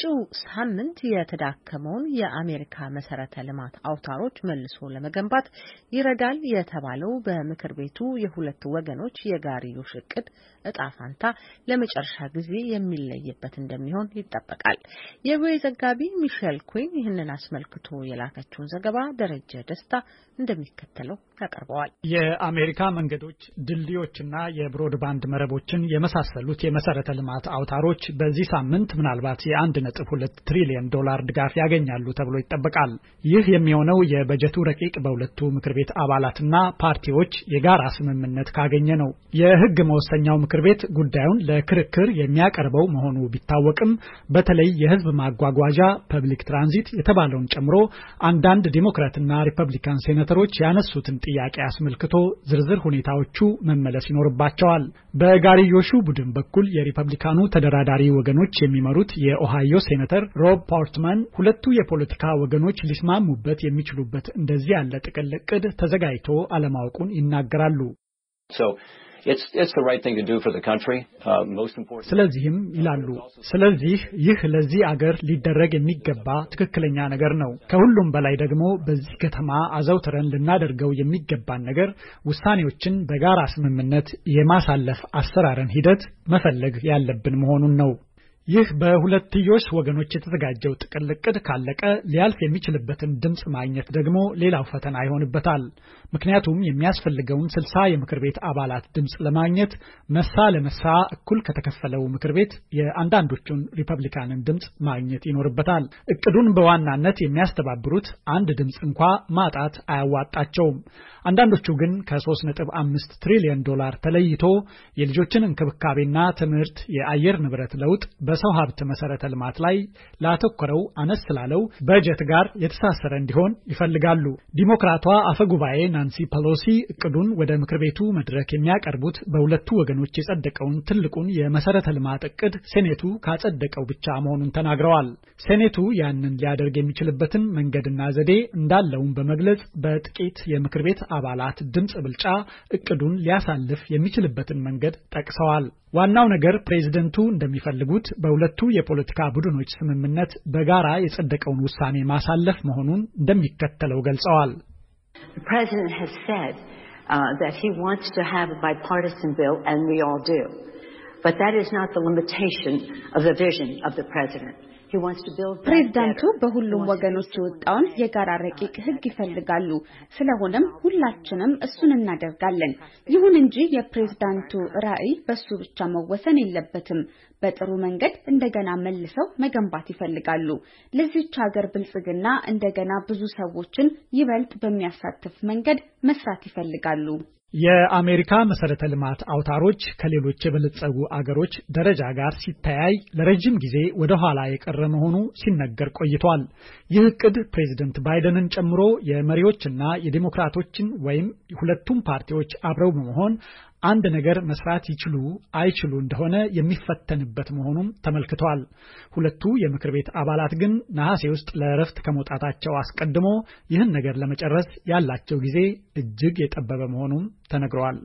በመጪው ሳምንት የተዳከመውን የአሜሪካ መሰረተ ልማት አውታሮች መልሶ ለመገንባት ይረዳል የተባለው በምክር ቤቱ የሁለት ወገኖች የጋርዮሽ እቅድ እጣ ፋንታ ለመጨረሻ ጊዜ የሚለይበት እንደሚሆን ይጠበቃል። የቪኦኤ ዘጋቢ ሚሼል ኩዊን ይህንን አስመልክቶ የላከችውን ዘገባ ደረጀ ደስታ እንደሚከተለው ያቀርበዋል። የአሜሪካ መንገዶች፣ ድልድዮችና የብሮድባንድ መረቦችን የመሳሰሉት የመሰረተ ልማት አውታሮች በዚህ ሳምንት ምናልባት የ1.2 ትሪሊየን ዶላር ድጋፍ ያገኛሉ ተብሎ ይጠበቃል። ይህ የሚሆነው የበጀቱ ረቂቅ በሁለቱ ምክር ቤት አባላትና ፓርቲዎች የጋራ ስምምነት ካገኘ ነው። የህግ መወሰኛው ምክር ቤት ጉዳዩን ለክርክር የሚያቀርበው መሆኑ ቢታወቅም በተለይ የህዝብ ማጓጓዣ ፐብሊክ ትራንዚት የተባለውን ጨምሮ አንዳንድ ዲሞክራትና ሪፐብሊካን ሴኔተሮች ያነሱትን ጥያቄ አስመልክቶ ዝርዝር ሁኔታዎቹ መመለስ ይኖርባቸዋል። በጋርዮሹ ቡድን በኩል የሪፐብሊካኑ ተደራዳሪ ወገኖች የሚመሩት የኦሃዮ ሴኔተር ሮብ ፖርትማን ሁለቱ የፖለቲካ ወገኖች ሊስማሙበት የሚችሉበት እንደዚህ ያለ ጥቅል እቅድ ተዘጋጅቶ አለማወቁን ይናገራሉ። Uh, ስለዚህም ይላሉ ስለዚህ ይህ ለዚህ አገር ሊደረግ የሚገባ ትክክለኛ ነገር ነው። ከሁሉም በላይ ደግሞ በዚህ ከተማ አዘውትረን ልናደርገው የሚገባን ነገር ውሳኔዎችን በጋራ ስምምነት የማሳለፍ አሰራርን ሂደት መፈለግ ያለብን መሆኑን ነው። ይህ በሁለትዮሽ ወገኖች የተዘጋጀው ጥቅል እቅድ ካለቀ ሊያልፍ የሚችልበትን ድምፅ ማግኘት ደግሞ ሌላው ፈተና ይሆንበታል። ምክንያቱም የሚያስፈልገውን ስልሳ የምክር ቤት አባላት ድምፅ ለማግኘት መሳ ለመሳ እኩል ከተከፈለው ምክር ቤት የአንዳንዶቹን ሪፐብሊካንን ድምፅ ማግኘት ይኖርበታል። እቅዱን በዋናነት የሚያስተባብሩት አንድ ድምፅ እንኳ ማጣት አያዋጣቸውም። አንዳንዶቹ ግን ከ3.5 ትሪሊዮን ዶላር ተለይቶ የልጆችን እንክብካቤና ትምህርት፣ የአየር ንብረት ለውጥ በ በሰው ሀብት መሰረተ ልማት ላይ ላተኮረው አነስ ስላለው በጀት ጋር የተሳሰረ እንዲሆን ይፈልጋሉ። ዲሞክራቷ አፈ ጉባኤ ናንሲ ፐሎሲ እቅዱን ወደ ምክር ቤቱ መድረክ የሚያቀርቡት በሁለቱ ወገኖች የጸደቀውን ትልቁን የመሰረተ ልማት እቅድ ሴኔቱ ካጸደቀው ብቻ መሆኑን ተናግረዋል። ሴኔቱ ያንን ሊያደርግ የሚችልበትን መንገድና ዘዴ እንዳለውን በመግለጽ በጥቂት የምክር ቤት አባላት ድምፅ ብልጫ እቅዱን ሊያሳልፍ የሚችልበትን መንገድ ጠቅሰዋል። ዋናው ነገር ፕሬዚደንቱ እንደሚፈልጉት በ በሁለቱ የፖለቲካ ቡድኖች ስምምነት በጋራ የጸደቀውን ውሳኔ ማሳለፍ መሆኑን እንደሚከተለው ገልጸዋል። ፕሬዚደንት ፕሬዝዳንቱ በሁሉም ወገኖች የወጣውን የጋራ ረቂቅ ሕግ ይፈልጋሉ። ስለሆነም ሁላችንም እሱን እናደርጋለን። ይሁን እንጂ የፕሬዝዳንቱ ራዕይ በሱ ብቻ መወሰን የለበትም። በጥሩ መንገድ እንደገና መልሰው መገንባት ይፈልጋሉ። ለዚች ሀገር ብልጽግና እንደገና ብዙ ሰዎችን ይበልጥ በሚያሳትፍ መንገድ መስራት ይፈልጋሉ። የአሜሪካ መሰረተ ልማት አውታሮች ከሌሎች የበለጸጉ አገሮች ደረጃ ጋር ሲተያይ ለረጅም ጊዜ ወደ ኋላ የቀረ መሆኑ ሲነገር ቆይቷል። ይህ እቅድ ፕሬዚደንት ባይደንን ጨምሮ የመሪዎችና የዴሞክራቶችን ወይም ሁለቱም ፓርቲዎች አብረው በመሆን አንድ ነገር መስራት ይችሉ አይችሉ እንደሆነ የሚፈተንበት መሆኑም ተመልክቷል። ሁለቱ የምክር ቤት አባላት ግን ነሐሴ ውስጥ ለእረፍት ከመውጣታቸው አስቀድሞ ይህን ነገር ለመጨረስ ያላቸው ጊዜ እጅግ የጠበበ መሆኑም ተነግረዋል።